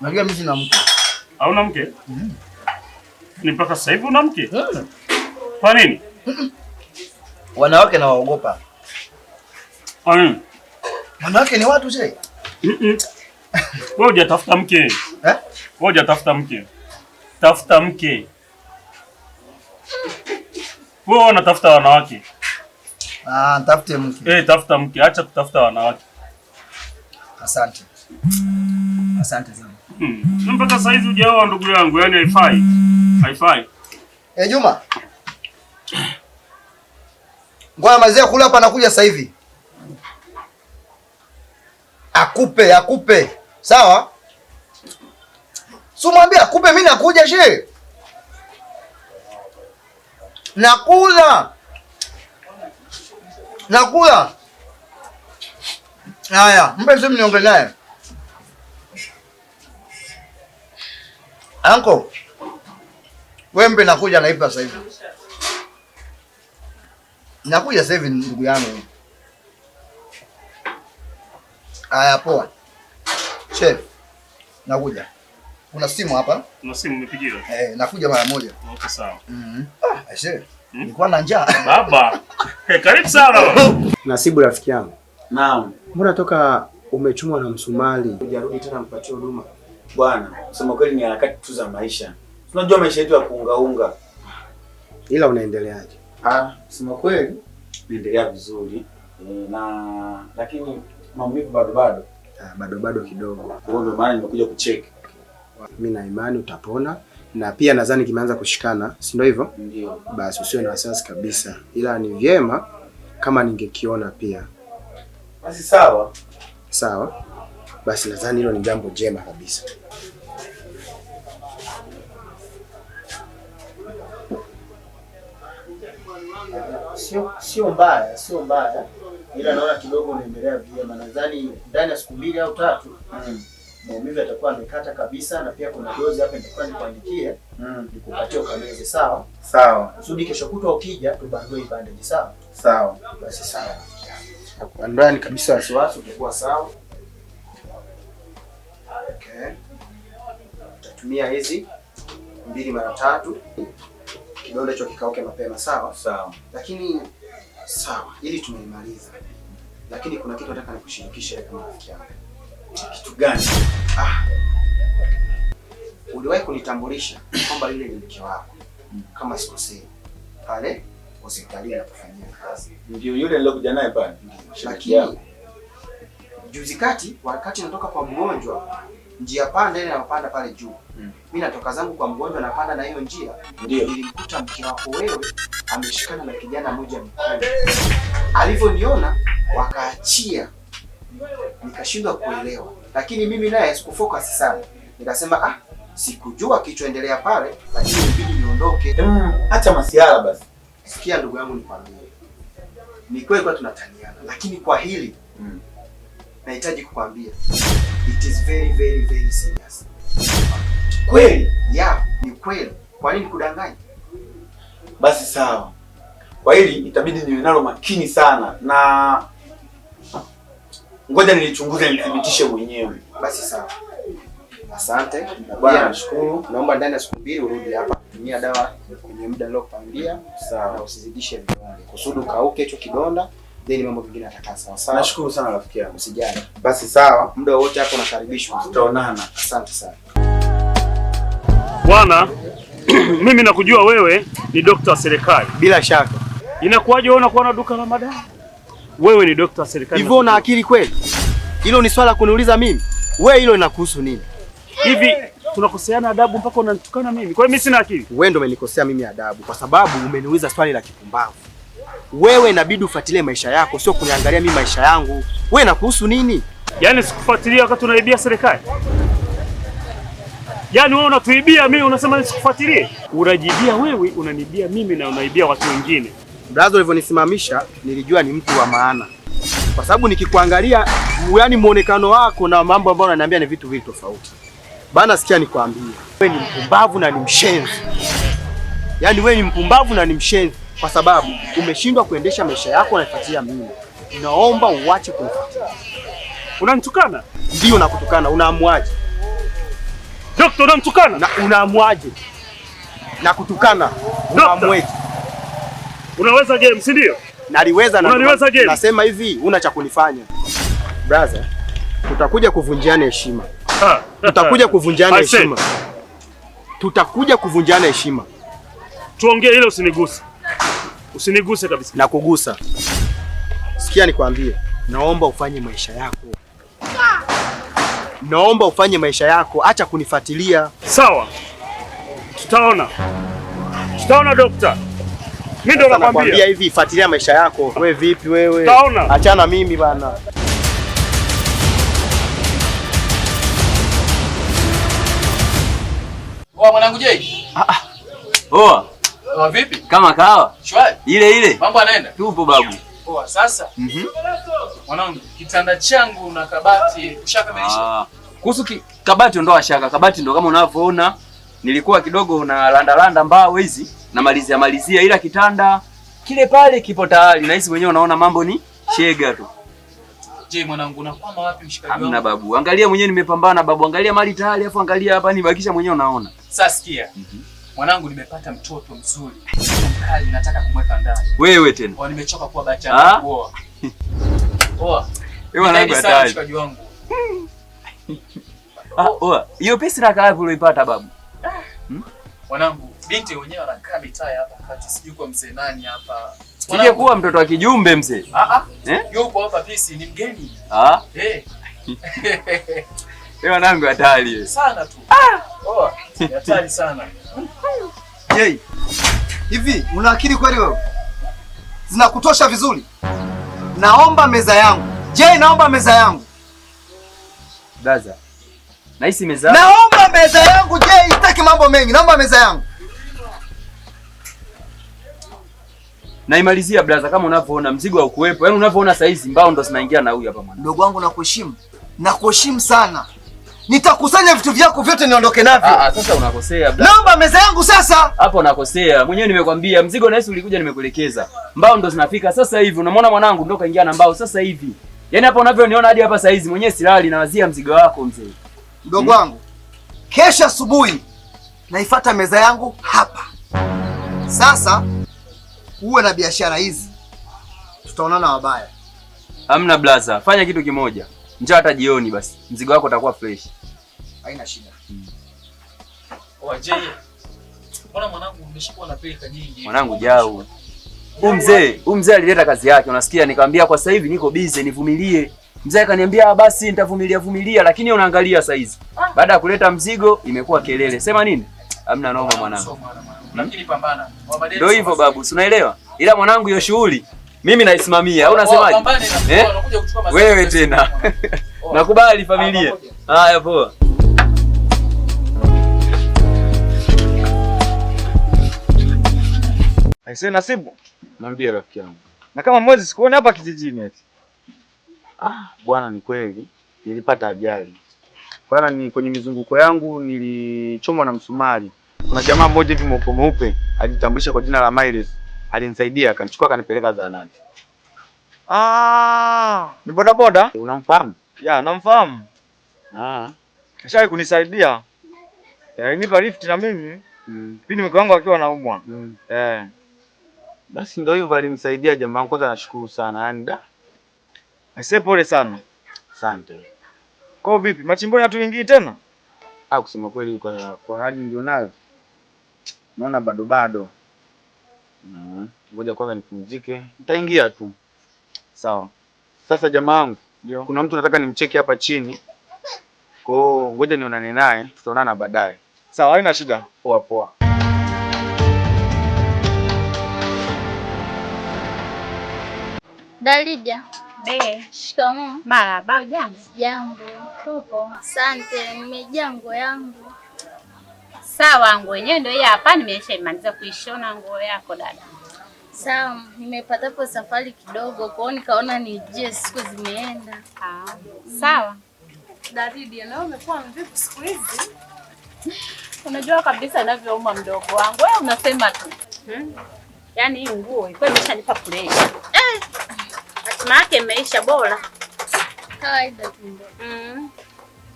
Unajua mimi sina mke. Hauna mke? Mm. Ni mpaka sasa hivi una mke? Mm. Kwa nini? Wanawake nawaogopa. Kwa nini? Wanawake ni watu sasa. Mm. Wewe hujatafuta mke. Eh? Wewe hujatafuta mke. Tafuta mke. Wewe unatafuta wanawake. Ah, tafute mke. Eh, tafuta mke. Acha kutafuta wanawake. Asante. Asante. Hmm. Mpaka saa hizi hujaoa ndugu yangu, yaani haifai. Haifai. Eh, Juma. Ngoja mazee kule hapa anakuja sasa hivi. Akupe, akupe. Sawa? Sumwambia akupe mimi nakuja she. Nakula. Nakula. Haya, mpe simu niongee naye. Anko, wembe nakuja naipa sasa hivi. Nakuja sasa hivi ndugu yangu. Aya, poa. Chef. Nakuja. Kuna simu hapa? Kuna simu umepigiwa? Eh, nakuja mara moja. Okay, sawa. Mhm. Ah, aise. Ah, eh, hmm? Nilikuwa na njaa. Baba. Hey, eh, karibu sana. Nasibu rafiki yangu. Naam. Mbona toka umechumwa na msumali, hujarudi tena mpatie huduma? bwana, kusema kweli ni harakati tu za maisha. Tunajua maisha yetu ya kuungaunga, ila unaendeleaje? Ah, kusema kweli naendelea vizuri e, na lakini maumivu bado bado ah, bado bado kidogo. hiyo maana nimekuja kucheki. Mimi na imani utapona na pia nadhani kimeanza kushikana, si ndio hivyo? Ndio. Basi usiwe na wasiwasi kabisa, ila ni vyema kama ningekiona pia. Basi sawa sawa basi nadhani hilo ni jambo jema kabisa. Sio, sio mbaya, sio mbaya, ila naona kidogo unaendelea vyema. Nadhani ndani ya siku mbili au tatu mm. maumivu yatakuwa amekata kabisa, na pia kuna dozi hapa nitakuwa nikuandikie mm. nikupatie ukameze. Sawa sawa, kusudi kesho kutwa ukija tubandue bandage, Sawa sawa, basi sawa, ndani kabisa, wasiwasi utakuwa sawa okay. Utatumia hizi mbili mara tatu kidonda hicho kikauke mapema, sawa sawa. Lakini sawa, ili tumemaliza lakini kuna kitu nataka nikushirikishe kama rafiki Kitu gani? Ah, uliwahi kunitambulisha kwamba yule ni mke wako kama sikosei, pale hospitalini anapofanyia kazi. Ndio yule nilokuja naye pale, lakini Juzi kati wakati natoka kwa mgonjwa njia panda ile inayopanda pale juu mm. Mimi natoka zangu kwa mgonjwa napanda na hiyo njia, ndio nilimkuta mke wako wewe ameshikana na kijana mmoja mkubwa. Alivyoniona wakaachia, nikashindwa kuelewa, lakini mimi naye sikufocus sana, nikasema ah, sikujua kichoendelea pale, lakini ibidi niondoke. Hmm, acha hmm, masiala basi. Sikia ndugu yangu, nikwambie, ni kweli kwa tunataniana, lakini kwa hili hmm nahitaji kukwambia it is very very very serious. Kweli ya ni kweli, kwa nini kudanganya? Basi sawa, kwa hili itabidi niwe nalo makini sana, na ngoja nilichunguze nithibitishe mwenyewe. Basi sawa, asante bwana, nashukuru. Naomba ndani ya siku mbili urudi hapa tumia dawa kwenye muda niliokupangia, sawa, usizidishe vidonda kusudi ukauke hicho kidonda deni mambo mengine atakaa sawa sawa. Nashukuru sana rafiki yangu. Usijali. Basi sawa, muda wote hapo unakaribishwa. Tutaonana. Asante sana. Bwana, mimi nakujua wewe ni daktari wa serikali. Bila shaka. Inakuwaje wewe unakuwa na duka la madawa? Wewe ni daktari wa serikali. Hivyo una akili kweli? Hilo ni swala kuniuliza mimi? Wewe hilo inakuhusu nini? Hivi tunakoseana adabu mpaka unanitukana mimi? Kwa hiyo mimi sina akili? Wewe ndio umenikosea mimi adabu kwa sababu umeniuliza swali la kipumbavu. Wewe inabidi ufuatilie maisha yako, sio kuniangalia mimi maisha yangu. Wewe nakuhusu nini? Yaani sikufuatilia wakati unaibia serikali? Yaani wewe unatuibia mimi unasema nisikufuatilie? Unajibia wewe, unanibia mimi na unaibia watu wengine. Brother, ulivyonisimamisha nilijua ni mtu wa maana. Kwa sababu nikikuangalia, yani muonekano wako na mambo ambayo unaniambia ni vitu viwili tofauti. Bana, sikia nikwambie. Wewe ni mpumbavu na ni mshenzi. Yaani wewe ni mpumbavu na ni mshenzi kwa sababu umeshindwa kuendesha maisha yako, unanifuatia mimi. Naomba uache kunifuatia. Unanitukana? Ndio, nakutukana. Unaamuaje? dokta? unanitukana? na unaamuaje? Nakutukana, Unaamuaje? Unaweza game, si ndio? Naliweza na unaliweza game. Nasema hivi, una cha kunifanya brother? Tutakuja kuvunjiana heshima, tutakuja kuvunjiana heshima, tutakuja kuvunjiana heshima. Tuongee ile usiniguse. Usiniguse kabisa. Na kugusa. Sikia nikwambie, naomba ufanye maisha yako. Naomba ufanye maisha yako, acha kunifuatilia. Sawa. Tutaona. Tutaona dokta. Mimi ndo nakwambia hivi, fuatilia maisha yako. Wewe vipi wewe? Tutaona. Achana mimi bana. Oa mwanangu Jay. Ah ah. Oa. Uh, vipi? Kama kawa? Shwari. Ile ile. Mambo yanaenda? Tupo babu. Poa sasa. Mhm. Mm Mwanangu, kitanda changu na kabati ushakamilisha? Ah. Kuhusu ki, kabati ndo ashaka. Kabati ndo kama unavyoona nilikuwa kidogo na landa landa mbao hizi na malizia malizia, ila kitanda kile pale kipo tayari na hizi mwenyewe unaona mambo ni chega tu. Je, mwanangu unakwama wapi mshikaji wangu? Hamna babu. Angalia mwenyewe nimepambana babu. Angalia mali tayari afu angalia hapa nibakisha mwenyewe unaona. Sasa sikia. Mm -hmm. Mwanangu, nimepata mtoto mzuri mkali, nataka kumweka ndani. Wewe tena nimechoka kuwa bacha bata. Ah? Poa poa, wewe mwanangu, hatari kwa wangu. Ah, oa Hiyo pesa na kazi uliipata babu? Ah. Hmm? Mwanangu, binti wenyewe anakaa mitaa hapa kati, sijui kwa mzee nani hapa. Sije kuwa mtoto wa kijumbe mzee. Ah ah. Eh? Yupo hapa pisi ni mgeni. Ah. Eh. Hey. Wewe mwanangu hatari. Sana tu. Ah. Oh, Hatari sana. Yei. hivi una akili kweli wewe? Zinakutosha vizuri? Naomba meza yangu Je, naomba meza yangu Gaza. Nahisi meza. Naomba meza yangu Je, itaki mambo mengi, naomba meza yangu Naimalizia blaza, kama unavyoona mzigo haukuwepo, yaani unavyoona saizi mbao ndo zinaingia na huyu hapa mwana. Ndugu wangu, nakuheshimu, nakuheshimu sana nitakusanya vitu vyako vyote niondoke navyo. Ah, ah sasa unakosea Naomba meza yangu sasa. Hapo unakosea. Mwenyewe nimekwambia mzigo na Yesu ulikuja nimekuelekeza. Mbao ndo zinafika sasa hivi. Unamwona mwanangu ndo kaingia na mbao sasa hivi. Yaani hapo unavyoniona hadi hapa saizi mwenyewe silali na wazia mzigo wako mzee. Mdogo hmm? wangu. Hmm. Kesho asubuhi naifuata meza yangu hapa. Sasa uwe na biashara hizi. Tutaonana wabaya. Hamna blaza. Fanya kitu kimoja. Njoo hata jioni basi, mzigo wako utakuwa fresh. Haina shida. Hmm. Oh, Mbona mwanangu umeshikwa na pesa nyingi? Mwanangu Jau. huu mzee, huu mzee alileta kazi yake, unasikia? Nikamwambia kwa sasa hivi niko busy, nivumilie. Mzee akaniambia ah, basi nitavumilia vumilia, lakini unaangalia saa hizi. Ah. Baada ya kuleta mzigo imekuwa kelele. Sema nini? amna noma mwanangu. Lakini pambana. Ndio hivyo babu, unaelewa? Ila mwanangu hiyo shughuli mimi naisimamia, au oh, unasemaje? Eh, wewe tena oh. nakubali familia. Haya, poa. Aisee, Nasibu, naambia rafiki yangu, na kama mwezi sikuone hapa kijijini eti. Ah, bwana, ni kweli nilipata ajali bwana, ni kwenye mizunguko yangu nilichomwa na msumari. Kuna jamaa mmoja hivi mweupe mweupe alitambulisha kwa jina la Miles alinisaidia akanichukua akanipeleka zahanati. Ah, ni boda boda? Unamfahamu? Ya, namfahamu. Ah. Kisha kunisaidia. Alinipa lift na mimi. Mm. Pini mke wangu akiwa anaumwa. Mm. Eh. Basi ndio hivyo alimsaidia jamaa wangu, kwanza nashukuru sana. Yaani da. Asante pole sana. Asante. Kwa vipi? Machimboni hatuingii tena? Ah, kusema kweli kwa kwa hali ndio nayo. Naona bado bado. Ngoja kwanza nipumzike, nitaingia tu. Sawa. Sasa jamaa wangu, kuna mtu nataka nimcheki hapa chini. Kwa hiyo ngoja nionane naye, tutaonana baadaye. Sawa, haina shida. Poa poa. Dalija. Be. Shikamoo. Marhaba, jambo. Jambo. Tupo. Asante, nimejaa nguo yangu. Sawa, nguo yenyewe ndio hii hapa, imaliza kuishona nguo yako dada. Sawa, nimepatapo safari kidogo, kwao nikaona je, siku zimeenda. Ah, sawa. Daridi, na umekuwa mvivu siku hizi. Unajua kabisa inavyouma mdogo wangu. Wewe unasema tu. Hmm? Yaani hii nguo ilikuwa imeshanipa kulei. Eh. Hatima yake imeisha bora. Kawaida tu. Mm.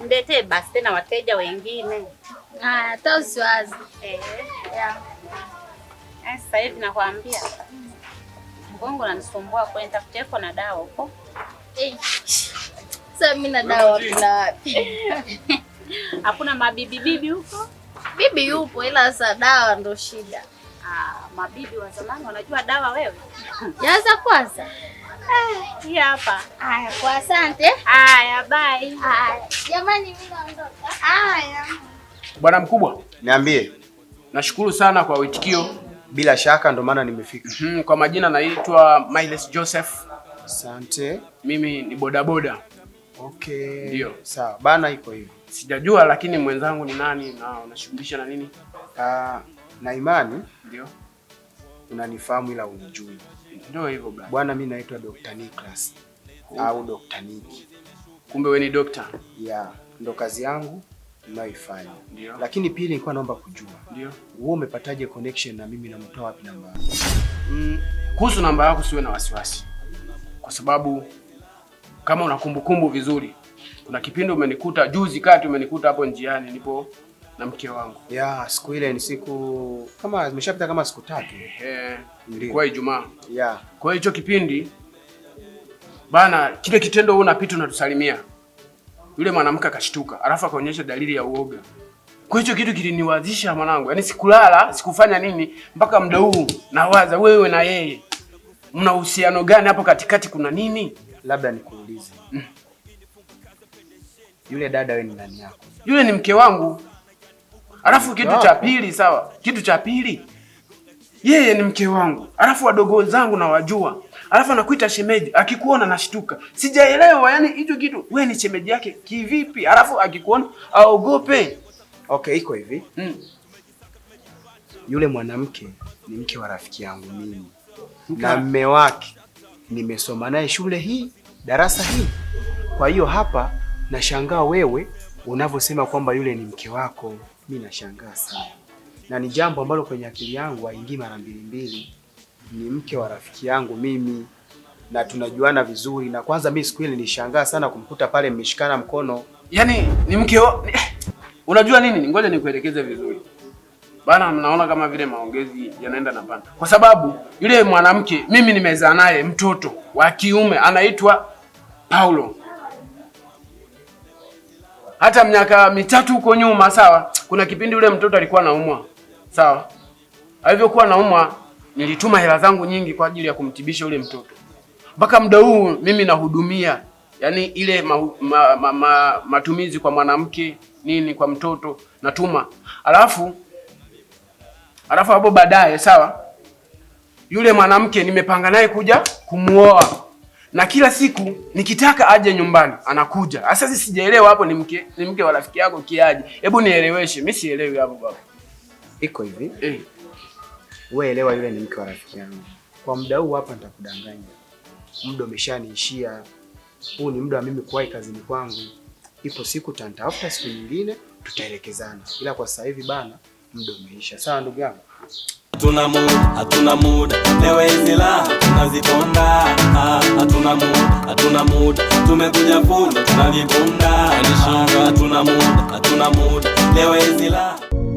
Mletee basi tena wateja wengine. Haya, hata usiwazi. Eh. Sasa hivi nakwambia mgongo unanisumbua kwani nitakutia uko na dawa huko. Eh. Sasa mimi na dawa kuna wapi? Hakuna mabibi bibi huko? Bibi yupo ila sasa dawa ndo shida. Ah, mabibi wa zamani wanajua dawa wewe. Yaza kwanza. Eh, hii hapa. Haya, kwa asante. Haya, bye. Haya. Jamani mimi naondoka. Haya. Bwana mkubwa, niambie. Nashukuru sana kwa witikio. Bila shaka ndo maana nimefika. Mm -hmm. Kwa majina naitwa Miles Joseph. Asante. Mimi ni bodaboda. Okay. Ndio. Sawa. Bana iko hivyo. Sijajua lakini mwenzangu ni nani na unashughulisha na nini? Ah, na imani. Ndio. Unanifahamu ila unijui. Ndio hivyo bwana. Bwana mimi naitwa Dr. Nicholas au Dr. Nick. Kumbe wewe ni doctor? Yeah, ndo kazi yangu mnayoifanya. Lakini pia nilikuwa naomba kujua wewe umepataje connection na mimi, na mtoa wapi namba yako? Mm, kuhusu namba yako siwe na wasiwasi, kwa sababu kama unakumbukumbu vizuri, kuna kipindi umenikuta juzi kati, umenikuta hapo njiani nipo na mke wangu. Ya, yeah, siku ile ni siku kama zimeshapita kama siku tatu. Eh, ilikuwa Ijumaa. yeah. Kwa hiyo hicho kipindi bana, kile kitendo unapita unatusalimia yule mwanamke akashtuka, alafu akaonyesha dalili ya uoga. Kwa hicho kitu kiliniwazisha mwanangu, yaani sikulala, sikufanya nini mpaka muda huu nawaza, wewe na yeye mna uhusiano gani? Hapo katikati kuna nini? Labda nikuulize, mm. Yule dada wewe ni nani yako? Yule ni mke wangu. Alafu kitu cha pili, sawa, kitu cha pili, yeye ni mke wangu, alafu wadogo zangu nawajua alafu anakuita shemeji, akikuona nashtuka. Sijaelewa yani hicho kitu, we ni shemeji yake kivipi? Alafu akikuona aogope. Okay, iko hivi mm. Yule mwanamke ni mke wa rafiki yangu mimi na mme wake, nimesoma naye shule hii darasa hii. Kwa hiyo hapa nashangaa wewe unavyosema kwamba yule ni mke wako, mi nashangaa sana, na ni jambo ambalo kwenye akili yangu haingii mara mbili mbili ni mke wa rafiki yangu mimi na tunajuana vizuri, na kwanza mimi siku ile nilishangaa sana kumkuta pale mmeshikana mkono. Yaani ni mke wa... Eh, unajua nini, ngoja nikuelekeze vizuri bana. Mnaona kama vile maongezi yanaenda na panda, kwa sababu yule mwanamke mimi nimezaa naye mtoto wa kiume anaitwa Paulo. Hata miaka mitatu huko nyuma, sawa, kuna kipindi yule mtoto alikuwa anaumwa, sawa, alivyokuwa anaumwa nilituma hela zangu nyingi kwa ajili ya kumtibisha yule mtoto. Mpaka muda huu mimi nahudumia, yani ile ma, ma, ma, ma, matumizi kwa mwanamke nini kwa mtoto natuma, alafu alafu hapo baadaye, sawa, yule mwanamke nimepanga naye kuja kumuoa na kila siku nikitaka aje nyumbani anakuja. Sasa sisi sijaelewa hapo, ni mke ni mke wa rafiki yako kiaje? Hebu nieleweshe, mimi sielewi hapo baba. Iko hivi eh. Wewe elewa, yule ni mke wa rafiki yangu. Kwa muda huu hapa nitakudanganya, muda umeshaniishia. Huu ni muda wa mimi kuwahi kazini kwangu. Ipo siku tanitafuta, siku nyingine tutaelekezana, ila kwa sasa hivi bana, muda umeisha. Sawa ndugu yangu. Hatuna muda, hatuna muda, leo hizi la tunaziponda. Ah, hatuna muda, hatuna muda, tumekuja funda tunaviponda. Hatuna muda, hatuna muda, leo hizi la